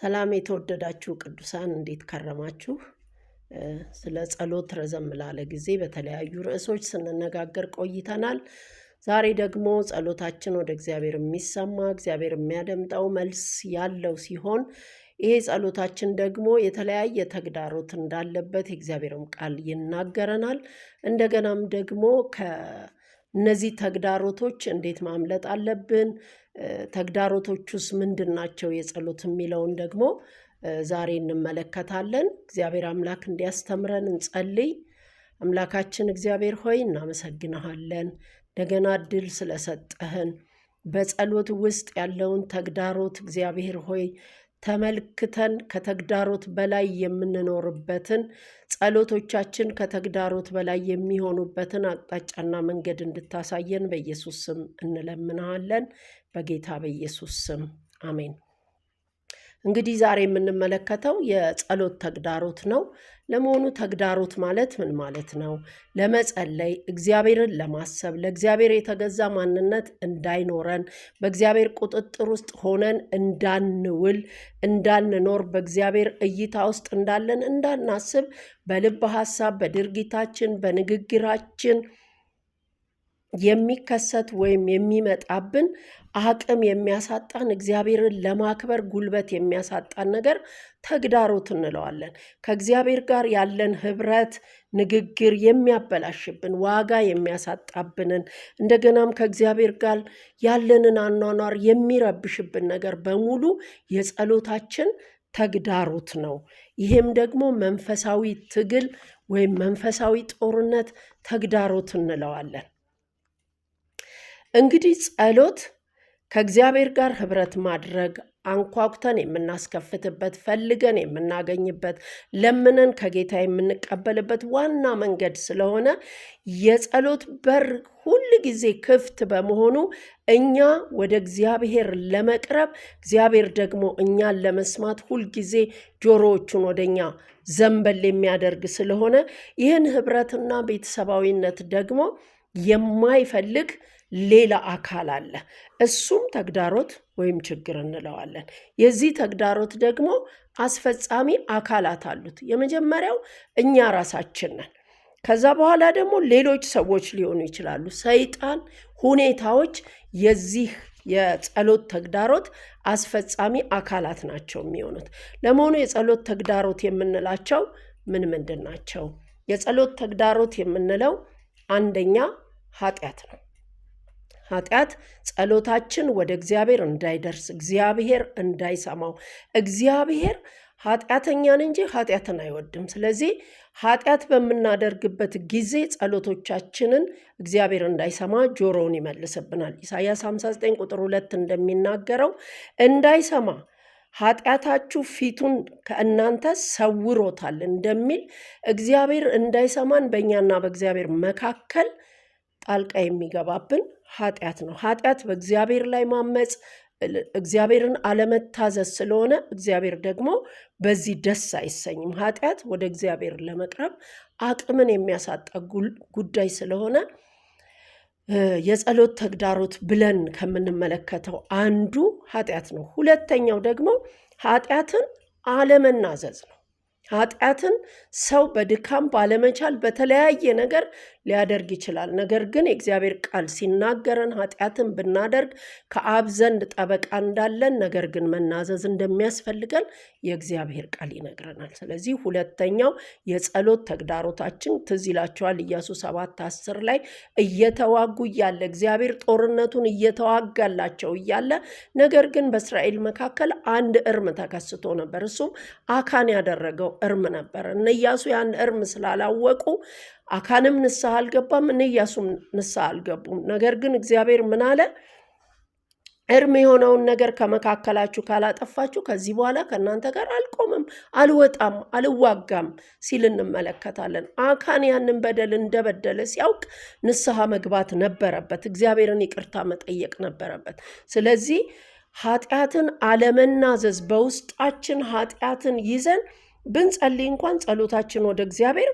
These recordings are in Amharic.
ሰላም የተወደዳችሁ ቅዱሳን እንዴት ከረማችሁ? ስለ ጸሎት ረዘም ላለ ጊዜ በተለያዩ ርዕሶች ስንነጋገር ቆይተናል። ዛሬ ደግሞ ጸሎታችን ወደ እግዚአብሔር የሚሰማ እግዚአብሔር የሚያደምጠው መልስ ያለው ሲሆን ይሄ ጸሎታችን ደግሞ የተለያየ ተግዳሮት እንዳለበት የእግዚአብሔርም ቃል ይናገረናል። እንደገናም ደግሞ ከ እነዚህ ተግዳሮቶች እንዴት ማምለጥ አለብን? ተግዳሮቶቹስ ምንድን ናቸው? የጸሎት የሚለውን ደግሞ ዛሬ እንመለከታለን። እግዚአብሔር አምላክ እንዲያስተምረን እንጸልይ። አምላካችን እግዚአብሔር ሆይ እናመሰግንሃለን፣ እንደገና እድል ስለሰጠህን በጸሎት ውስጥ ያለውን ተግዳሮት እግዚአብሔር ሆይ ተመልክተን ከተግዳሮት በላይ የምንኖርበትን ጸሎቶቻችን ከተግዳሮት በላይ የሚሆኑበትን አቅጣጫና መንገድ እንድታሳየን በኢየሱስ ስም እንለምንሃለን። በጌታ በኢየሱስ ስም አሜን። እንግዲህ ዛሬ የምንመለከተው የጸሎት ተግዳሮት ነው። ለመሆኑ ተግዳሮት ማለት ምን ማለት ነው? ለመጸለይ፣ እግዚአብሔርን ለማሰብ፣ ለእግዚአብሔር የተገዛ ማንነት እንዳይኖረን፣ በእግዚአብሔር ቁጥጥር ውስጥ ሆነን እንዳንውል፣ እንዳንኖር፣ በእግዚአብሔር እይታ ውስጥ እንዳለን እንዳናስብ፣ በልብ ሀሳብ፣ በድርጊታችን፣ በንግግራችን የሚከሰት ወይም የሚመጣብን አቅም የሚያሳጣን እግዚአብሔርን ለማክበር ጉልበት የሚያሳጣን ነገር ተግዳሮት እንለዋለን። ከእግዚአብሔር ጋር ያለን ህብረት ንግግር የሚያበላሽብን ዋጋ የሚያሳጣብንን እንደገናም ከእግዚአብሔር ጋር ያለንን አኗኗር የሚረብሽብን ነገር በሙሉ የጸሎታችን ተግዳሮት ነው። ይህም ደግሞ መንፈሳዊ ትግል ወይም መንፈሳዊ ጦርነት ተግዳሮት እንለዋለን። እንግዲህ ጸሎት ከእግዚአብሔር ጋር ህብረት ማድረግ አንኳኩተን የምናስከፍትበት ፈልገን የምናገኝበት ለምነን ከጌታ የምንቀበልበት ዋና መንገድ ስለሆነ የጸሎት በር ሁል ጊዜ ክፍት በመሆኑ እኛ ወደ እግዚአብሔር ለመቅረብ እግዚአብሔር ደግሞ እኛን ለመስማት ሁልጊዜ ጆሮዎቹን ወደ ዘንበል የሚያደርግ ስለሆነ ይህን ህብረትና ቤተሰባዊነት ደግሞ የማይፈልግ ሌላ አካል አለ። እሱም ተግዳሮት ወይም ችግር እንለዋለን። የዚህ ተግዳሮት ደግሞ አስፈጻሚ አካላት አሉት። የመጀመሪያው እኛ ራሳችን ነን። ከዛ በኋላ ደግሞ ሌሎች ሰዎች ሊሆኑ ይችላሉ። ሰይጣን፣ ሁኔታዎች የዚህ የጸሎት ተግዳሮት አስፈጻሚ አካላት ናቸው የሚሆኑት። ለመሆኑ የጸሎት ተግዳሮት የምንላቸው ምን ምንድን ናቸው? የጸሎት ተግዳሮት የምንለው አንደኛ ኃጢአት ነው። ኃጢአት ጸሎታችን ወደ እግዚአብሔር እንዳይደርስ እግዚአብሔር እንዳይሰማው እግዚአብሔር ኃጢአተኛን እንጂ ኃጢአትን አይወድም። ስለዚህ ኃጢአት በምናደርግበት ጊዜ ጸሎቶቻችንን እግዚአብሔር እንዳይሰማ ጆሮውን ይመልስብናል። ኢሳያስ 59 ቁጥር 2 እንደሚናገረው እንዳይሰማ ኃጢአታችሁ ፊቱን ከእናንተ ሰውሮታል እንደሚል እግዚአብሔር እንዳይሰማን በእኛና በእግዚአብሔር መካከል ጣልቃ የሚገባብን ኃጢአት ነው። ኃጢአት በእግዚአብሔር ላይ ማመፅ እግዚአብሔርን አለመታዘዝ ስለሆነ እግዚአብሔር ደግሞ በዚህ ደስ አይሰኝም። ኃጢአት ወደ እግዚአብሔር ለመቅረብ አቅምን የሚያሳጣ ጉዳይ ስለሆነ የጸሎት ተግዳሮት ብለን ከምንመለከተው አንዱ ኃጢአት ነው። ሁለተኛው ደግሞ ኃጢአትን አለመናዘዝ ነው። ኃጢአትን ሰው በድካም ባለመቻል በተለያየ ነገር ሊያደርግ ይችላል። ነገር ግን የእግዚአብሔር ቃል ሲናገረን ኃጢአትን ብናደርግ ከአብ ዘንድ ጠበቃ እንዳለን፣ ነገር ግን መናዘዝ እንደሚያስፈልገን የእግዚአብሔር ቃል ይነግረናል። ስለዚህ ሁለተኛው የጸሎት ተግዳሮታችን ትዝ ይላቸዋል ኢያሱ ሰባት አስር ላይ እየተዋጉ እያለ እግዚአብሔር ጦርነቱን እየተዋጋላቸው እያለ ነገር ግን በእስራኤል መካከል አንድ እርም ተከስቶ ነበር። እሱም አካን ያደረገው እርም ነበር። እነ ኢያሱ ያን እርም ስላላወቁ አካንም ንስሐ አልገባም፣ እነ ኢያሱም ንስሐ አልገቡም። ነገር ግን እግዚአብሔር ምን አለ? እርም የሆነውን ነገር ከመካከላችሁ ካላጠፋችሁ ከዚህ በኋላ ከእናንተ ጋር አልቆምም፣ አልወጣም፣ አልዋጋም ሲል እንመለከታለን። አካን ያንን በደል እንደበደለ ሲያውቅ ንስሐ መግባት ነበረበት፣ እግዚአብሔርን ይቅርታ መጠየቅ ነበረበት። ስለዚህ ኃጢአትን አለመናዘዝ በውስጣችን ኃጢአትን ይዘን ብንጸልይ እንኳን ጸሎታችን ወደ እግዚአብሔር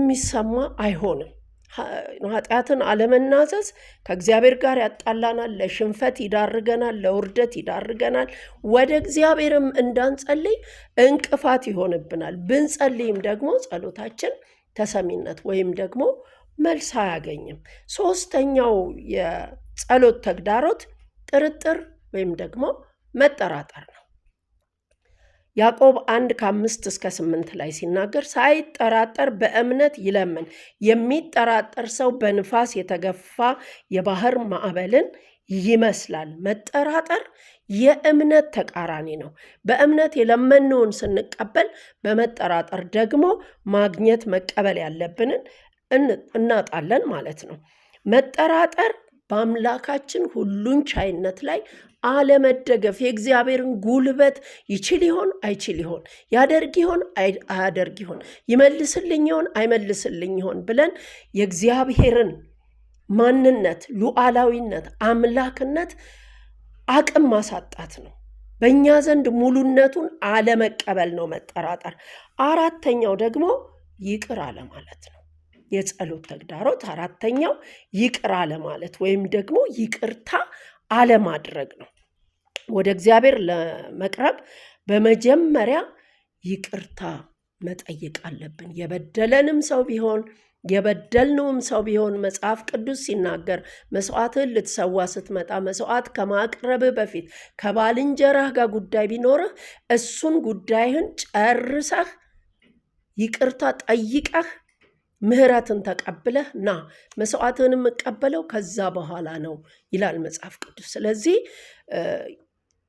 የሚሰማ አይሆንም። ኃጢአትን አለመናዘዝ ከእግዚአብሔር ጋር ያጣላናል፣ ለሽንፈት ይዳርገናል፣ ለውርደት ይዳርገናል። ወደ እግዚአብሔርም እንዳንጸልይ እንቅፋት ይሆንብናል። ብንጸልይም ደግሞ ጸሎታችን ተሰሚነት ወይም ደግሞ መልስ አያገኝም። ሶስተኛው የጸሎት ተግዳሮት ጥርጥር ወይም ደግሞ መጠራጠር ነው። ያዕቆብ አንድ ከአምስት እስከ ስምንት ላይ ሲናገር ሳይጠራጠር በእምነት ይለምን። የሚጠራጠር ሰው በንፋስ የተገፋ የባህር ማዕበልን ይመስላል። መጠራጠር የእምነት ተቃራኒ ነው። በእምነት የለመንውን ስንቀበል፣ በመጠራጠር ደግሞ ማግኘት መቀበል ያለብንን እናጣለን ማለት ነው። መጠራጠር በአምላካችን ሁሉን ቻይነት ላይ አለመደገፍ የእግዚአብሔርን ጉልበት ይችል ይሆን አይችል ይሆን ያደርግ ይሆን አያደርግ ይሆን ይመልስልኝ ይሆን አይመልስልኝ ይሆን ብለን የእግዚአብሔርን ማንነት፣ ሉዓላዊነት፣ አምላክነት አቅም ማሳጣት ነው። በእኛ ዘንድ ሙሉነቱን አለመቀበል ነው መጠራጠር። አራተኛው ደግሞ ይቅር አለማለት ነው። የጸሎት ተግዳሮት አራተኛው ይቅር አለማለት ወይም ደግሞ ይቅርታ አለማድረግ ነው። ወደ እግዚአብሔር ለመቅረብ በመጀመሪያ ይቅርታ መጠየቅ አለብን። የበደለንም ሰው ቢሆን የበደልነውም ሰው ቢሆን መጽሐፍ ቅዱስ ሲናገር መስዋዕትህን ልትሰዋ ስትመጣ መስዋዕት ከማቅረብህ በፊት ከባልንጀራህ ጋር ጉዳይ ቢኖርህ እሱን ጉዳይህን ጨርሰህ ይቅርታ ጠይቀህ ምህረትን ተቀብለህ ና መስዋዕትህን የምቀበለው ከዛ በኋላ ነው ይላል መጽሐፍ ቅዱስ። ስለዚህ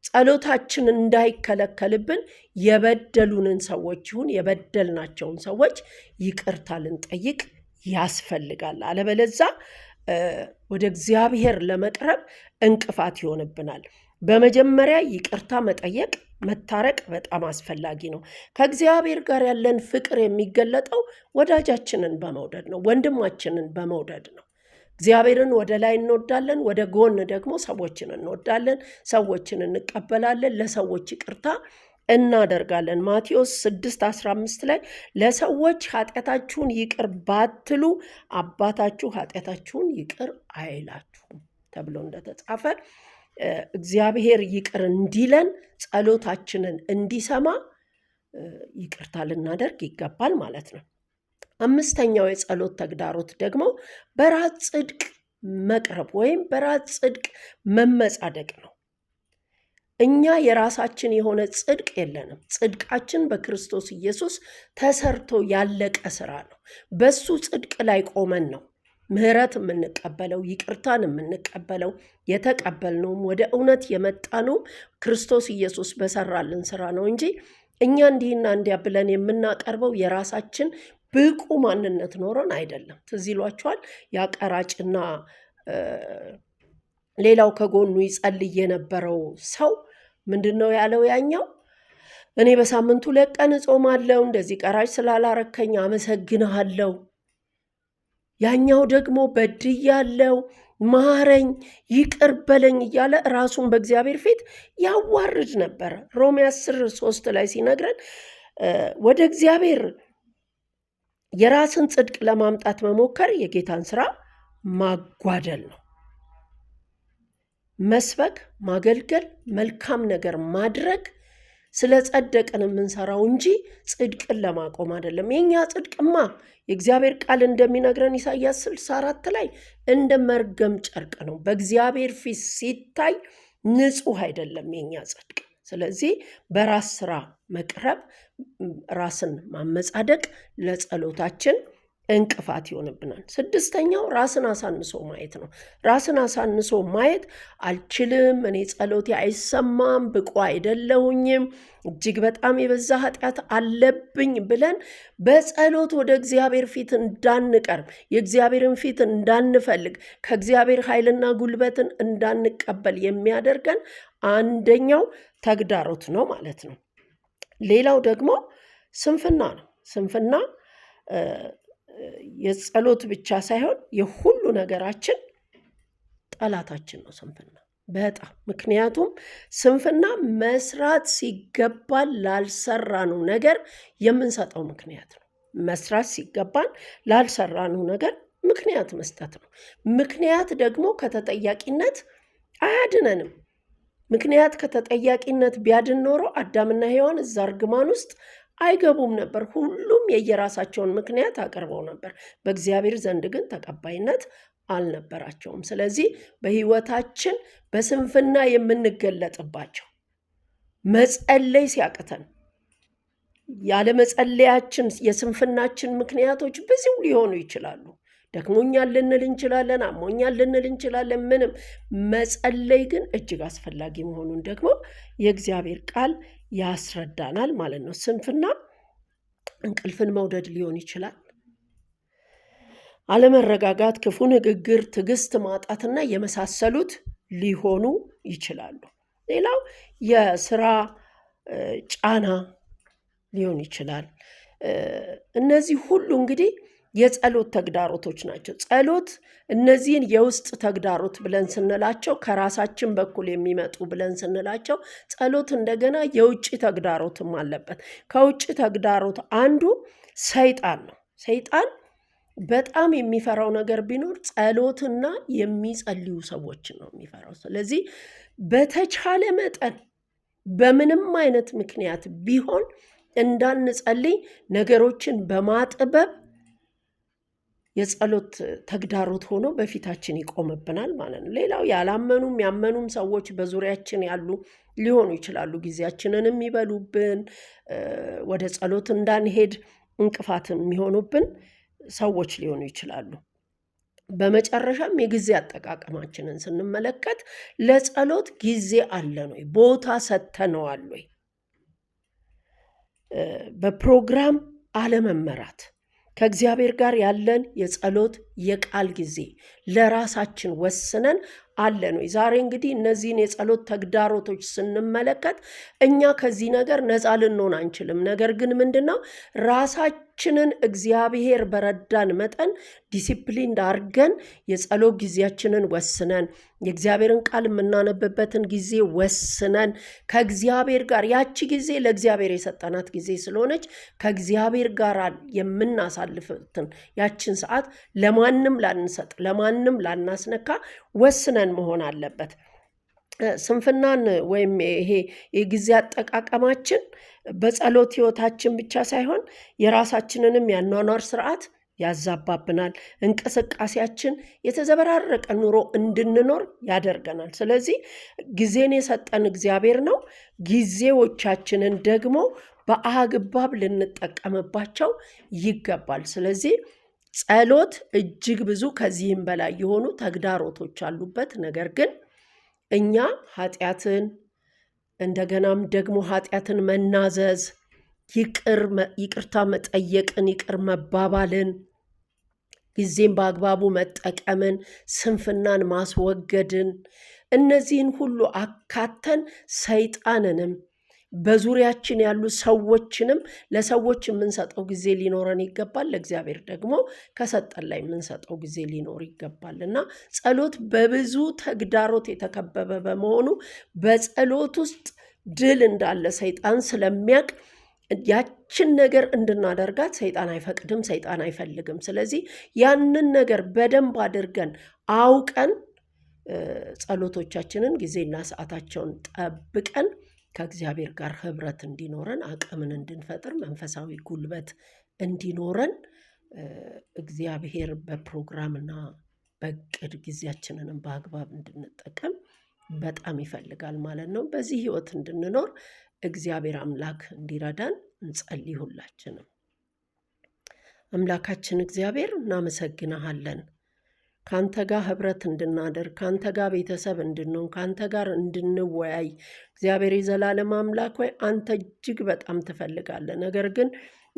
ጸሎታችን እንዳይከለከልብን የበደሉንን ሰዎች ይሁን የበደልናቸውን ሰዎች ይቅርታ ልንጠይቅ ያስፈልጋል። አለበለዛ ወደ እግዚአብሔር ለመቅረብ እንቅፋት ይሆንብናል። በመጀመሪያ ይቅርታ መጠየቅ መታረቅ በጣም አስፈላጊ ነው። ከእግዚአብሔር ጋር ያለን ፍቅር የሚገለጠው ወዳጃችንን በመውደድ ነው፣ ወንድማችንን በመውደድ ነው። እግዚአብሔርን ወደ ላይ እንወዳለን፣ ወደ ጎን ደግሞ ሰዎችን እንወዳለን፣ ሰዎችን እንቀበላለን፣ ለሰዎች ይቅርታ እናደርጋለን። ማቴዎስ 6 15 ላይ ለሰዎች ኃጢአታችሁን ይቅር ባትሉ አባታችሁ ኃጢአታችሁን ይቅር አይላችሁም ተብሎ እንደተጻፈ እግዚአብሔር ይቅር እንዲለን ጸሎታችንን እንዲሰማ ይቅርታ ልናደርግ ይገባል ማለት ነው። አምስተኛው የጸሎት ተግዳሮት ደግሞ በራስ ጽድቅ መቅረብ ወይም በራስ ጽድቅ መመጻደቅ ነው። እኛ የራሳችን የሆነ ጽድቅ የለንም። ጽድቃችን በክርስቶስ ኢየሱስ ተሰርቶ ያለቀ ስራ ነው። በሱ ጽድቅ ላይ ቆመን ነው ምህረት የምንቀበለው ይቅርታን የምንቀበለው የተቀበልነውም ወደ እውነት የመጣነውም ክርስቶስ ኢየሱስ በሰራልን ስራ ነው እንጂ እኛ እንዲህና እንዲያ ብለን የምናቀርበው የራሳችን ብቁ ማንነት ኖረን አይደለም። ትዝ ይሏችኋል ቀራጭና ሌላው ከጎኑ ይጸልይ የነበረው ሰው ምንድን ነው ያለው? ያኛው እኔ በሳምንቱ ሁለት ቀን እጾማለሁ፣ እንደዚህ ቀራጭ ስላላረከኝ አመሰግንሃለሁ ያኛው ደግሞ በድያለው ማረኝ ይቅር በለኝ እያለ ራሱን በእግዚአብሔር ፊት ያዋርድ ነበረ። ሮሜ አስር ሶስት ላይ ሲነግረን ወደ እግዚአብሔር የራስን ጽድቅ ለማምጣት መሞከር የጌታን ስራ ማጓደል ነው። መስበክ፣ ማገልገል፣ መልካም ነገር ማድረግ ስለ ጸደቅን የምንሰራው እንጂ ጽድቅን ለማቆም አይደለም። የእኛ ጽድቅማ የእግዚአብሔር ቃል እንደሚነግረን ኢሳያስ ስልሳ አራት ላይ እንደ መርገም ጨርቅ ነው፣ በእግዚአብሔር ፊት ሲታይ ንጹህ አይደለም የእኛ ጽድቅ። ስለዚህ በራስ ስራ መቅረብ፣ ራስን ማመጻደቅ ለጸሎታችን እንቅፋት ይሆንብናል። ስድስተኛው ራስን አሳንሶ ማየት ነው። ራስን አሳንሶ ማየት አልችልም፣ እኔ ጸሎቴ አይሰማም፣ ብቁ አይደለሁኝም፣ እጅግ በጣም የበዛ ኃጢአት አለብኝ ብለን በጸሎት ወደ እግዚአብሔር ፊት እንዳንቀርብ፣ የእግዚአብሔርን ፊት እንዳንፈልግ፣ ከእግዚአብሔር ኃይልና ጉልበትን እንዳንቀበል የሚያደርገን አንደኛው ተግዳሮት ነው ማለት ነው። ሌላው ደግሞ ስንፍና ነው። ስንፍና የጸሎት ብቻ ሳይሆን የሁሉ ነገራችን ጠላታችን ነው ስንፍና በጣም ምክንያቱም ስንፍና መስራት ሲገባን ላልሰራነው ነገር የምንሰጠው ምክንያት ነው። መስራት ሲገባን ላልሰራነው ነገር ምክንያት መስጠት ነው። ምክንያት ደግሞ ከተጠያቂነት አያድነንም። ምክንያት ከተጠያቂነት ቢያድን ኖሮ አዳምና ሔዋን እዛ እርግማን ውስጥ አይገቡም ነበር። ሁሉም የየራሳቸውን ምክንያት አቅርበው ነበር። በእግዚአብሔር ዘንድ ግን ተቀባይነት አልነበራቸውም። ስለዚህ በህይወታችን በስንፍና የምንገለጥባቸው መጸለይ ሲያቅተን ያለመጸለያችን የስንፍናችን ምክንያቶች ብዙ ሊሆኑ ይችላሉ። ደክሞኛል ልንል እንችላለን። አሞኛል ልንል እንችላለን። ምንም መጸለይ ግን እጅግ አስፈላጊ መሆኑን ደግሞ የእግዚአብሔር ቃል ያስረዳናል ማለት ነው። ስንፍና እንቅልፍን መውደድ ሊሆን ይችላል። አለመረጋጋት፣ ክፉ ንግግር፣ ትዕግስት ማጣትና የመሳሰሉት ሊሆኑ ይችላሉ። ሌላው የስራ ጫና ሊሆን ይችላል። እነዚህ ሁሉ እንግዲህ የጸሎት ተግዳሮቶች ናቸው። ጸሎት እነዚህን የውስጥ ተግዳሮት ብለን ስንላቸው ከራሳችን በኩል የሚመጡ ብለን ስንላቸው፣ ጸሎት እንደገና የውጭ ተግዳሮትም አለበት። ከውጭ ተግዳሮት አንዱ ሰይጣን ነው። ሰይጣን በጣም የሚፈራው ነገር ቢኖር ጸሎትና የሚጸልዩ ሰዎችን ነው የሚፈራው። ስለዚህ በተቻለ መጠን በምንም አይነት ምክንያት ቢሆን እንዳንጸልይ ነገሮችን በማጥበብ የጸሎት ተግዳሮት ሆኖ በፊታችን ይቆምብናል ማለት ነው። ሌላው ያላመኑም ያመኑም ሰዎች በዙሪያችን ያሉ ሊሆኑ ይችላሉ። ጊዜያችንን የሚበሉብን ወደ ጸሎት እንዳንሄድ እንቅፋት የሚሆኑብን ሰዎች ሊሆኑ ይችላሉ። በመጨረሻም የጊዜ አጠቃቀማችንን ስንመለከት ለጸሎት ጊዜ አለን ወይ? ቦታ ሰጥተነዋል ወይ? በፕሮግራም አለመመራት ከእግዚአብሔር ጋር ያለን የጸሎት የቃል ጊዜ ለራሳችን ወስነን አለን ወይ? ዛሬ እንግዲህ እነዚህን የጸሎት ተግዳሮቶች ስንመለከት እኛ ከዚህ ነገር ነፃ ልንሆን አንችልም። ነገር ግን ምንድነው? ራሳችን ጊዜያችንን እግዚአብሔር በረዳን መጠን ዲሲፕሊን አድርገን የጸሎት ጊዜያችንን ወስነን የእግዚአብሔርን ቃል የምናነብበትን ጊዜ ወስነን ከእግዚአብሔር ጋር ያቺ ጊዜ ለእግዚአብሔር የሰጠናት ጊዜ ስለሆነች ከእግዚአብሔር ጋር የምናሳልፍትን ያችን ሰዓት ለማንም ላንሰጥ፣ ለማንም ላናስነካ ወስነን መሆን አለበት። ስንፍናን ወይም ይሄ የጊዜ አጠቃቀማችን በጸሎት ህይወታችን ብቻ ሳይሆን የራሳችንንም ያኗኗር ስርዓት ያዛባብናል። እንቅስቃሴያችን የተዘበራረቀ ኑሮ እንድንኖር ያደርገናል። ስለዚህ ጊዜን የሰጠን እግዚአብሔር ነው። ጊዜዎቻችንን ደግሞ በአግባብ ልንጠቀምባቸው ይገባል። ስለዚህ ጸሎት እጅግ ብዙ ከዚህም በላይ የሆኑ ተግዳሮቶች አሉበት ነገር ግን እኛ ኃጢአትን እንደገናም ደግሞ ኃጢአትን መናዘዝ ይቅርታ መጠየቅን፣ ይቅር መባባልን፣ ጊዜም በአግባቡ መጠቀምን፣ ስንፍናን ማስወገድን እነዚህን ሁሉ አካተን ሰይጣንንም በዙሪያችን ያሉ ሰዎችንም ለሰዎች የምንሰጠው ጊዜ ሊኖረን ይገባል። ለእግዚአብሔር ደግሞ ከሰጠን ላይ የምንሰጠው ጊዜ ሊኖር ይገባል እና ጸሎት በብዙ ተግዳሮት የተከበበ በመሆኑ በጸሎት ውስጥ ድል እንዳለ ሰይጣን ስለሚያውቅ ያችን ነገር እንድናደርጋት ሰይጣን አይፈቅድም፣ ሰይጣን አይፈልግም። ስለዚህ ያንን ነገር በደንብ አድርገን አውቀን ጸሎቶቻችንን ጊዜና ሰዓታቸውን ጠብቀን ከእግዚአብሔር ጋር ህብረት እንዲኖረን አቅምን እንድንፈጥር መንፈሳዊ ጉልበት እንዲኖረን እግዚአብሔር በፕሮግራምና በእቅድ ጊዜያችንንም በአግባብ እንድንጠቀም በጣም ይፈልጋል ማለት ነው። በዚህ ህይወት እንድንኖር እግዚአብሔር አምላክ እንዲረዳን እንጸልይ ሁላችንም። አምላካችን እግዚአብሔር እናመሰግንሃለን። ከአንተ ጋር ህብረት እንድናደርግ ከአንተ ጋር ቤተሰብ እንድንሆን ከአንተ ጋር እንድንወያይ እግዚአብሔር የዘላለም አምላክ ሆይ አንተ እጅግ በጣም ትፈልጋለህ። ነገር ግን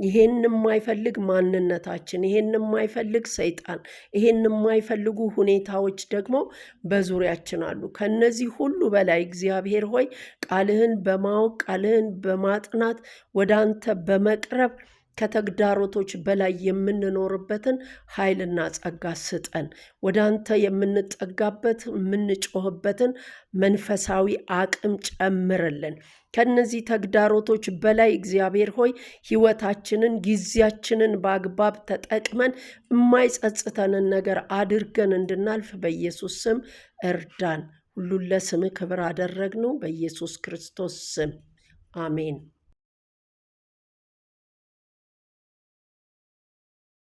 ይሄን የማይፈልግ ማንነታችን፣ ይሄን የማይፈልግ ሰይጣን፣ ይሄን የማይፈልጉ ሁኔታዎች ደግሞ በዙሪያችን አሉ። ከነዚህ ሁሉ በላይ እግዚአብሔር ሆይ ቃልህን በማወቅ ቃልህን በማጥናት ወደ አንተ በመቅረብ ከተግዳሮቶች በላይ የምንኖርበትን ኃይልና ጸጋ ስጠን። ወደ አንተ የምንጠጋበት የምንጮህበትን መንፈሳዊ አቅም ጨምርልን። ከነዚህ ተግዳሮቶች በላይ እግዚአብሔር ሆይ ሕይወታችንን፣ ጊዜያችንን በአግባብ ተጠቅመን የማይጸጽተንን ነገር አድርገን እንድናልፍ በኢየሱስ ስም እርዳን። ሁሉን ለስም ክብር አደረግነው በኢየሱስ ክርስቶስ ስም አሜን።